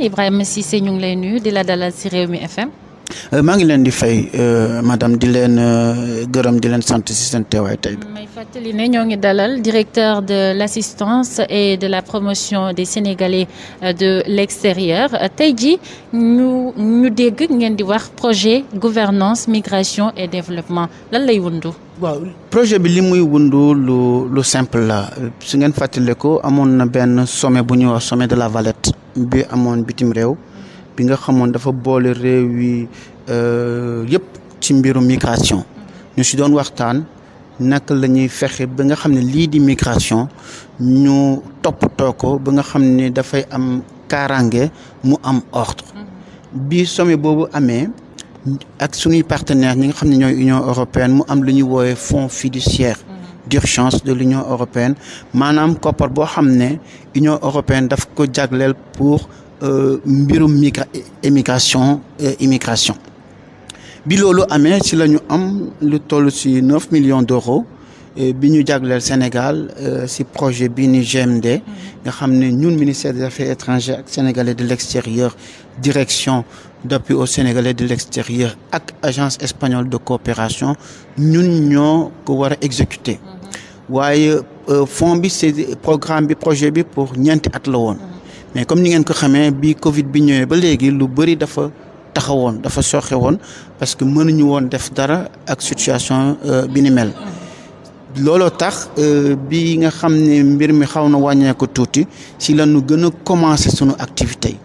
Ibrahima Cissé ñu ngi lay nuyu di la dalal ci Rewmi FM. Euh, maa ngi leen di fay euh, madame di leen euh, gërëm di leen sant si seen teewaay tey bi. may fàttali ne ñoo ngi dalal directeur de l'assistance et de la promotion de Sénégalais de l'extérieur tey ji ñu ñu dégg ngeen di wax projet gouvernance migration et développement lan lay wundu. waaw projet bi li muy wundu lu lu simple la su ngeen fàttale ko amoon na benn sommet bu ñuy wax sommet de la Valette. bi amoon bitim réew bi nga xamoon dafa boole réew yi euh, yëpp ci mbiru migration ñu si doon waxtaan naka la ñuy fexe ba nga xam ne lii di migration ñu toppatoo ko ba nga xam ne dafay am kaaraange mu am ordre mm-hmm. bi sommet boobu amee ak suñuy partenaire ñi nga xam ne ñooy Union européenne mu am lu ñuy woowee fonds fiduciaire d'urgence de l'Union européenne maanaam koppar boo xam ne Union européenne daf ko jagleel pour euh, mbirum migra émigration euh, immigration bi loolu amee si la ñu am lu toll ci neuf millions d'euros euh, bi ñu jagleel Sénégal si projet bii ni GMD nga xam ne ñun ministère des affaires étrangères ak sénégalais de l'extérieur direction d'appui aux sénégalais de l'extérieur ak agence espagnole de coopération ñun ñoo ko war a exécuter waaye euh, fond bi c'est programme bi projet bi pour ñeenti at la woon mais comme ni ngeen ko xamee bi Covid bi ñëwee ba léegi lu bëri dafa taxawoon dafa soxe woon parce que mënuñu woon def dara ak situation euh, bi ni mel looloo tax euh, bi nga xam ne mbir mi xaw na wàññeeku tuuti si la ñu gën a commencé sunu activité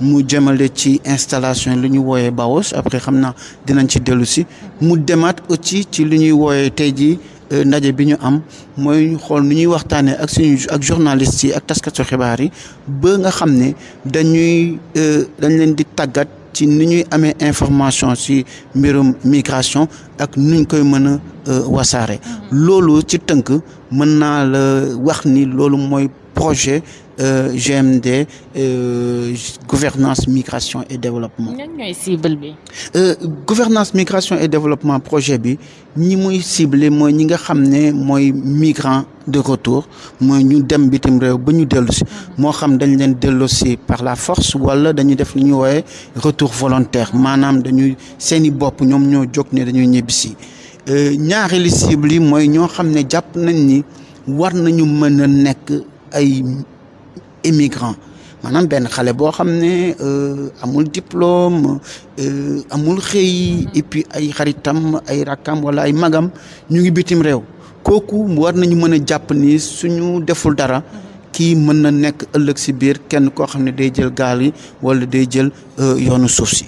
mu jëmale ci installation lu ñuy wooyee BAOS après xam na dinañ ci dellu si mu demaat aussi ci li ñuy wooyee tey jii Euh, ndaje bi ñu am mooy ñu xool ni ñuy waxtaanee ak suñu ak journalistes yi ak taskatu xibaar yi ba nga xam ne dañuy euh, dañ leen di tàggat ci ni ñuy amee information si mbirum migration ak nu nuñ koy mën a euh, wasaare. Mm-hmm. loolu ci tënk mën naa la wax ni loolu mooy. projet euh, GMD euh, gouvernance migration et développement. ñan ñooy cible bi. Euh, migration et développement projet bi ñi muy cible mooy ñi nga xam ne mooy migrant de retour mooy ñu dem bitim réew ba ñu dellu si moo xam dañ leen dellu si par la force wala dañuy def lu ñuy woowe retour volontaire maanaam dañuy seeni bopp ñoom ñoo jog ne dañuy ñibbisi euh, ñaareelu cible yi mooy ñoo xam ne jàpp nañ ni war nañu mën a nekk ay émigrants maanaam benn xale boo xam ne euh, amul diplôme euh, amul xëy mhm. et puis ay xaritam ay rakkam wala ay magam ñu ngi bitim réew kooku war nañu mën a jàpp ni suñu deful dara mhm. kii mën na nekk ëllëg si biir kenn koo xam ne day jël gaal yi wala day jël euh, yoonu suuf si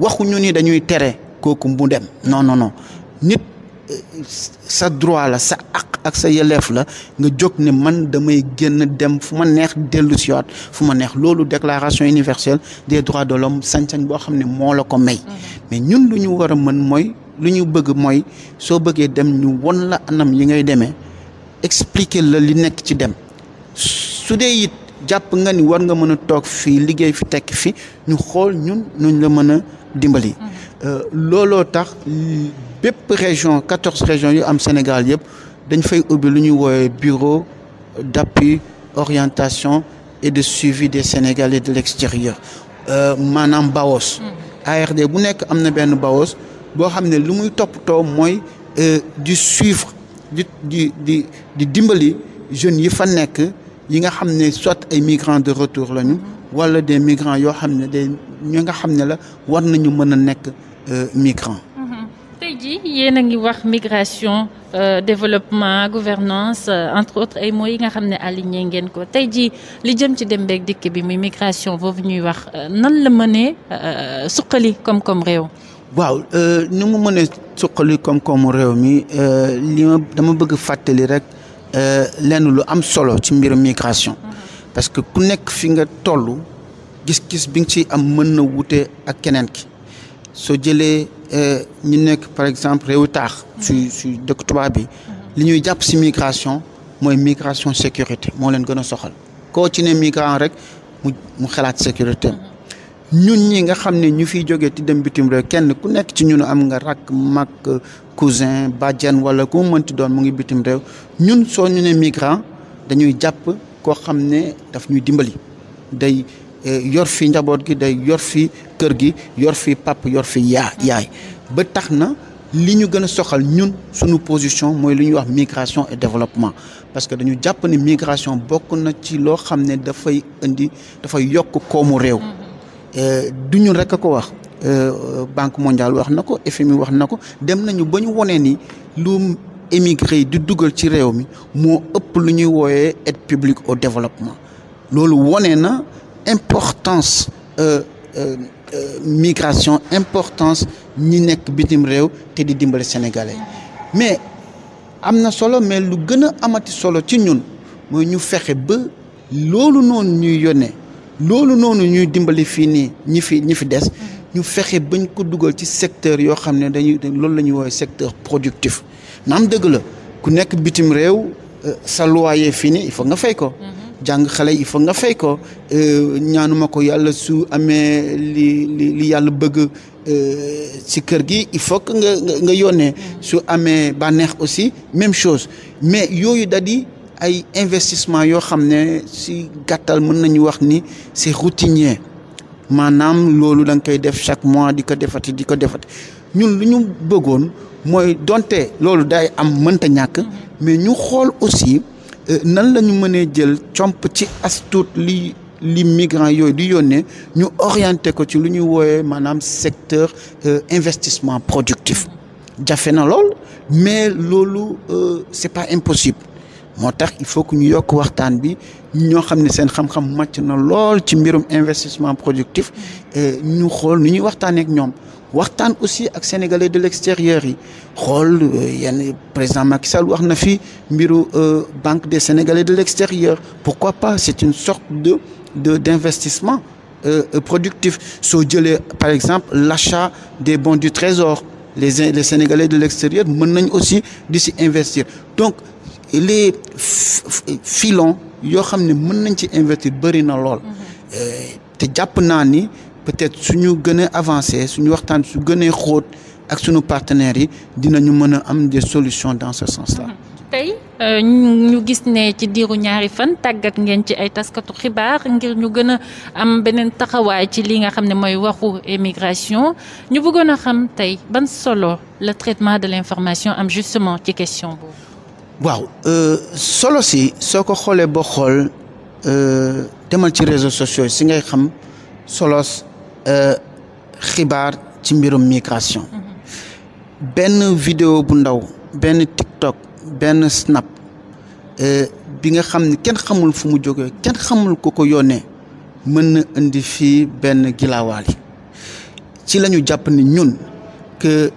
waxuñu ni dañuy tere kooku mu dem non nit. sa droit la sa àq ak sa yeleef la nga jóg ne man damay génn dem fu ma neex dellu si siwaat fu ma neex loolu déclaration universelle des droits de l'homme sañ-sañ boo xam ne moo la ko may mm-hmm. mais ñun lu ñu war a mën mooy lu ñu bëgg mooy soo bëggee dem ñu won la anam yi ngay demee expliquer la li nekk ci dem su dee it jàpp nga ni war nga mën a toog fii liggéey fi tekk fi ñu xool ñun nuñ la mën a dimbali mm-hmm. euh, looloo tax bépp région quatorze régions yu am Sénégal yëpp dañ fay ubbi lu ñuy woowee bureau d'appui orientation et de suivi des Sénégalais de l'extérieur euh, maanaam BAOS. Hmm. ARD bu nekk am na benn BAOS boo xam ne lu muy toppatoo mooy euh, di suivre di di di di dimbali jeunes yi fa nekk yi nga xam ne soit ay migrants de retour lañu hmm. wala des migrants yoo xam ne des ñi nga xam ne la war nañu mën a nekk euh, migrants. ji yéen a ngi wax migration euh, développement gouvernance euh, entre autres ay mooy yi nga xam ne aligné ngeen ko tey ji li jëm ci dem beeg dikk bi muy migration boobu ñuy wax euh, nan la mënee suqali koom-koom réew. waaw ni mu mënee suqali koom réew mi li ma dama bëgg fàttali rek lenn lu am solo ci mbirum migration. Mhm. parce que ku nekk fi nga tollu gis-gis bi nga ci am mën na wute ak keneen ki. soo jëlee euh, ñu nekk par exemple réewu taax. su su dëkk tubaab bi. li ñuy jàpp si migration mooy migration sécurité moo leen gën a soxal koo ci ne migrant rek mu mu xalaat sécurité ñun ñi nga xam ne ñu fi jógee ti dem bitim réew kenn ku nekk ci ñun am nga rakk mag cousin bàjjan wala ku mënti doon mu ngi bitim réew ñun soo ñu ne migrant dañuy jàpp koo xam ne daf ñuy dimbali day euh, yor fi njaboot gi day yor fi kër gi yor fi pap yor fi yaa yaay ba tax na li ñu gën a soxal ñun suñu position mooy li ñuy wax migration et développement parce que dañu jàpp ni migration bokk na ci loo xam ne dafay indi dafay yokk koomu réew mm-hmm. euh, du ñun rek a ko wax euh, banque mondiale wax na ko FMI wax na ko dem nañu ba ñu wonee nii lu émigré yi di dugal ci réew mi moo ëpp lu ñuy wooyee aide publique au développement loolu wonee na importance euh, Euh, migration importance ñi nekk bitim réew te di dimbali sénégalais mais am na solo mais lu gën a amati solo ci ñun mooy ñu fexe ba loolu noonu ñuy yónnee loolu noonu ñuy dimbali fii nii ñi fi ñi fi des ñu fexe bañ ko dugal ci secteur yoo xam ne dañuy loolu la ñuy woowee secteur productif naam dëgg la ku nekk bitim réew euh, sa loyer fii nii il nga fay ko. jàng xale il faut nga fay ko euh, ñaanuma ko yàlla su amee li li li yàlla bëgg euh, ci kër gi il faut nga nga yónnee su amee bànneex aussi même chose mais yooyu da di ay investissement yoo xam ne si gàttal mën nañu wax ni si routinier maanaam loolu da nga koy def chaque mois di ko defati di ko defati ñun lu ñu bëggoon mooy donte loolu day am mënta ñàkk mm-hmm. mais ñu xool aussi. Euh, nan lañu mënee jël comp ci astuut li li migrants yooyu di yónnee ñu orienté ko ci lu ñuy wooyee maanaam secteur euh, investissement productif jafe na lool mais loolu euh, c'est pas impossible moo tax il faut que ñu yokk waxtaan bi ñoo xam ne seen xam-xam màcc na lool ci mbirum investissement productif ñu xool nu ñuy waxtaanee ak ñoom waxtaan aussi ak sénégalais de l'extérieur yi xool euh, yenn président Macky Sall wax na fi mbiru euh, banque des sénégalais de l'extérieur pourquoi pas c'est une sorte de de d'investissement euh, productif soo jëlee par exemple l'achat des bons du trésor les les sénégalais de l'extérieur mën nañ aussi di si investir donc les filons yoo xam ne mën nañ ci investir bëri na lool mm-hmm. te jàpp naa ni peut-être suñu gën a avancé suñu waxtaan su gënee xóot ak suñu partenaires yi dinañu mën a am des solution dans ce sens-là. Mhm. tey euh, ñu gis ne ci diiru ñaari fan tàggat ngeen ci ay taskatu xibaar ngir ñu gën a am beneen taxawaay ci li nga xam ne mooy waxu émigration ñu bëggoon a xam tey ban solo le traitement de l'information am justement ci question boobu. waaw euh, solo si soo ko xoolee boo xool euh, demal ci réseaux sociaux si ngay xam solos Euh, xibaar ci mbirum migration mhm. benn vidéo bu ndaw benn TikTok benn Snap euh, bi nga xam ne kenn xamul fu mu jógee kenn xamul ko ko yónnee mën na indi fii benn gilaawaali ci la ñu jàpp ni ñun que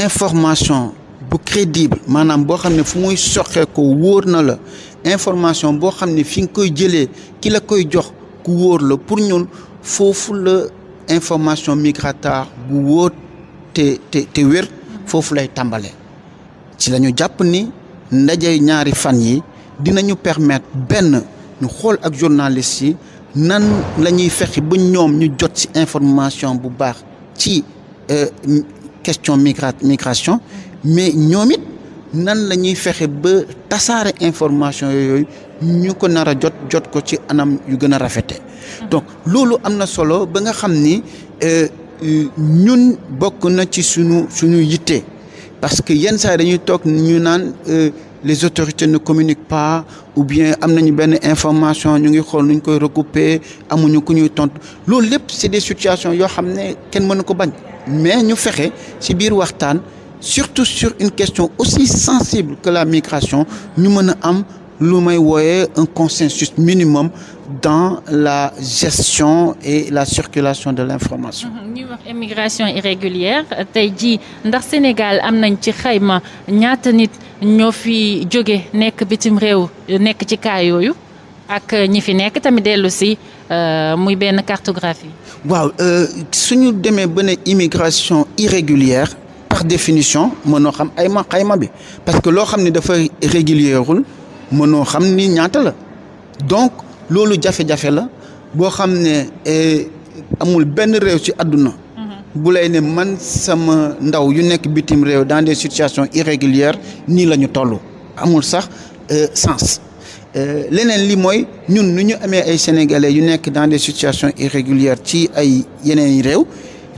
information bu crédible maanaam boo xam ne fu muy soxee ko wóor na la information boo xam ne fi nga koy jëlee kila koy jox ku wóor la pour ñun foofu la information migratoire bu wóor te te wér foofu lay tàmbale ci lañu jàpp ni ndaje ñaari fan yi dinañu permettre benn ñu xool ak journaliste yi nan lañuy ñuy fexe ñoom ñu jot ci information bu baax ci euh, question migra migration mais ñoom nan la ñuy fexe ba tasaare information yooyu ñu ko nar a jot jot ko ci anam yu gën a rafete mm-hmm. donc loolu am na solo ba nga xam ni euh, ñun bokk na ci sunu suñu yitte parce que yenn saa dañuy toog ñu naan euh, les autorités ne communique pas ou bien am nañu benn information ñu ngi xool nuñ koy recouper amuñu ku ñuy tontu loolu lépp c'est des situations yoo xam ne kenn mënu ko bañ mais ñu fexe ci biir waxtaan. surtout sur une question aussi sensible que la migration ñu mën a am lu may wooyee un consensus minimum dans la gestion et la circulation de l'information. Mmh, ñuy wax immigration irrégulière tey jii ndax Sénégal am nañ ci xayma ñaata nit ñoo fi jóge nekk bitim réew nekk ci cas yooyu ak ñi fi nekk tamit dellu si euh, muy benn cartographie. waaw euh, suñu demee ba ne immigration irrégulière. définition mënoo xam ay ma xayma bi parce que loo xam ni dafa régulièrul mënoo xam ni ñaata la donc loolu jafe la boo xam ne eh, amul benn réew ci àdduna mm-hmm. bu lay man sama ndaw yu nekk bitim réew dans des situations irrégulières nii la ñu toll amul sax euh, sens euh, leneen li mooy ñun nu ñu amee ay sénégalais yu nekk dans des situations irrégulières ci ay yeneen réew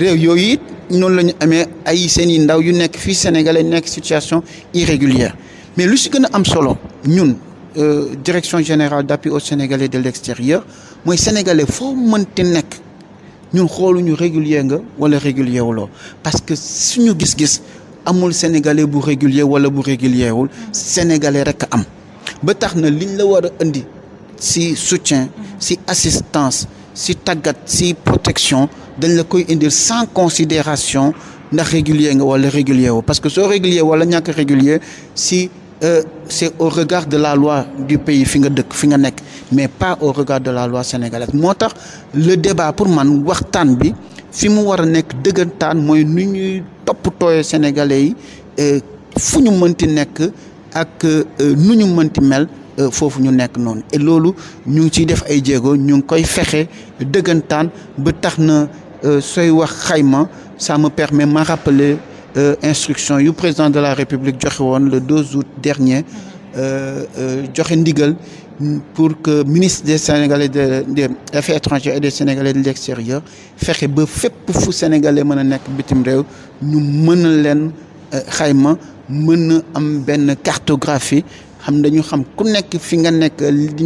réew yooyu it noonu la ñu amee ay seen i ndaw yu nekk fii sénégalais nekk situation irrégulière mais lu si gën a am solo ñun euh, direction générale d'appui aux sénégalais de l'extérieur mooy sénégalais foo mënti nekk ñun xooluñu régulier nga wala régulier wuloo parce que suñu gis-gis amul sénégalais bu régulier wala bu régulier wul sénégalais rek am ba tax na liñ la war a indi si soutien si assistance si tàggat si protection dañ la koy indil sans considération ndax régulier nga wala régulier wu parce que soo régulier wala ñàkk régulier si euh, c'est au regard de la loi du pays fi nga dëkk fi nga nekk mais pas au regard de la loi sénégalaise moo tax le débat pour man waxtaan bi fi mu war a nekk dëggantaan mooy nu ñuy toppatooyee sénégalais yi euh, fu ñu mënti nekk ak euh, nu ñu mënti mel Euh, foofu ñu nekk noonu et loolu ñu ngi ciy def ay jéego ñu ngi koy fexe dëggantaan ba tax na euh, sooy wax xayma ça me permet ma rappeler euh, instruction yu président de la république joxe woon le 12 août dernier joxe ndigal pour que ministre des sénégalais de des affaires étrangères et des sénégalais de l'extérieur fexe ba fépp fu sénégalais mën a nekk bitim réew ñu mën a leen xayma mën a am benn cartographie xam ñu xam ku nekk fi nga nekk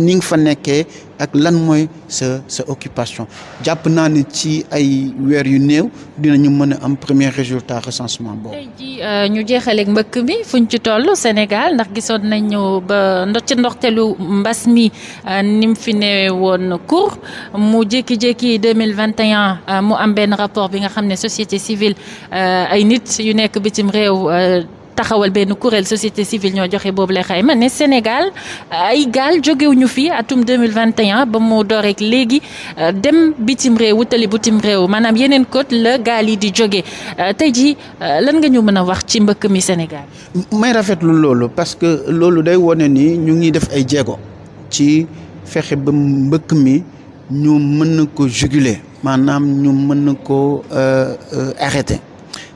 ni nga fa nekkee ak lan mooy sa sa occupation jàpp naa ne ci ay weer yu néew dinañu mën a am premier résultat recensement boobu. tey euh, ñu jeexaleek mbëkk mi fuñ ci toll Sénégal ndax gisoon nañu ba ndox ci ndoxteelu mbas mi euh, ni mu fi ne woon cour mu jékki-jékki 2021 euh, mu am benn rapport bi nga xam ne société civile ay nit yu nekk bitim réew. taxawal benn kuréel société civile ñoo joxe boobu lay xayma ne Sénégal ay gaal jógewuñu fi atum 2021 ba mu door léegi euh, dem bitim réew wutali bitim réew maanaam yeneen côte la gaal yi di jóge euh, tey jii euh, lan nga ñu mën a wax ci mbëkk mi Sénégal. may rafetlu loolu parce que loolu day wone nii ñu ngi def ay jéego ci fexe ba mbëkk mi ñu mën na ko juguler maanaam ñu mën na ko arrêter.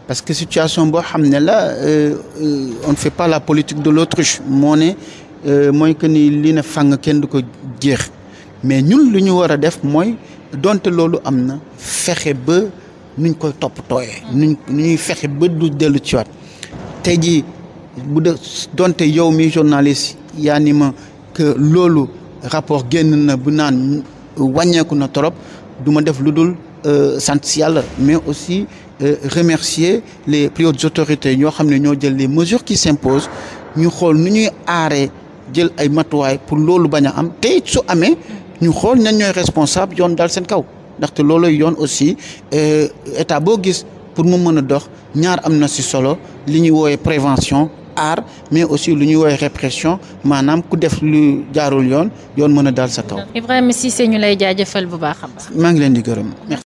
parce que situation boo xam ne la euh, euh, on ne fait la politique de l'autruche moo ne euh, mooy que nii li ne fàng kenn du ko jeex mais ñun lu ñu war a def mooy donte loolu am na fexe ba nuñ koy toppatooyee. Mm. nu ñuy fexe ba du dellu ci waat tey jii bu de donte yow mi journaliste yaa ni ma que loolu rapport génn na bu naan wàññeeku na trop duma def lu dul sant si mais aussi. Euh, remercier les plus hautes autorités ñoo xam ne ñoo jël les mesures qui simpose ñu xool nu ñuy aaree jël ay matuwaay pour loolu bañ a am te su amee ñu xool nañ ñooy responsable yoon daal seen kaw ndaxte loolooy yoon aussi euh, état boo gis pour mu mën a dox ñaar am na si solo li ñuy woowe prévention aar mais aussi lu ñuy woowee répression maanaam ku def lu jaarul yoon yoon mën a daal sa kaw. Ibrahima Cissé ñu maa ngi leen di gërëm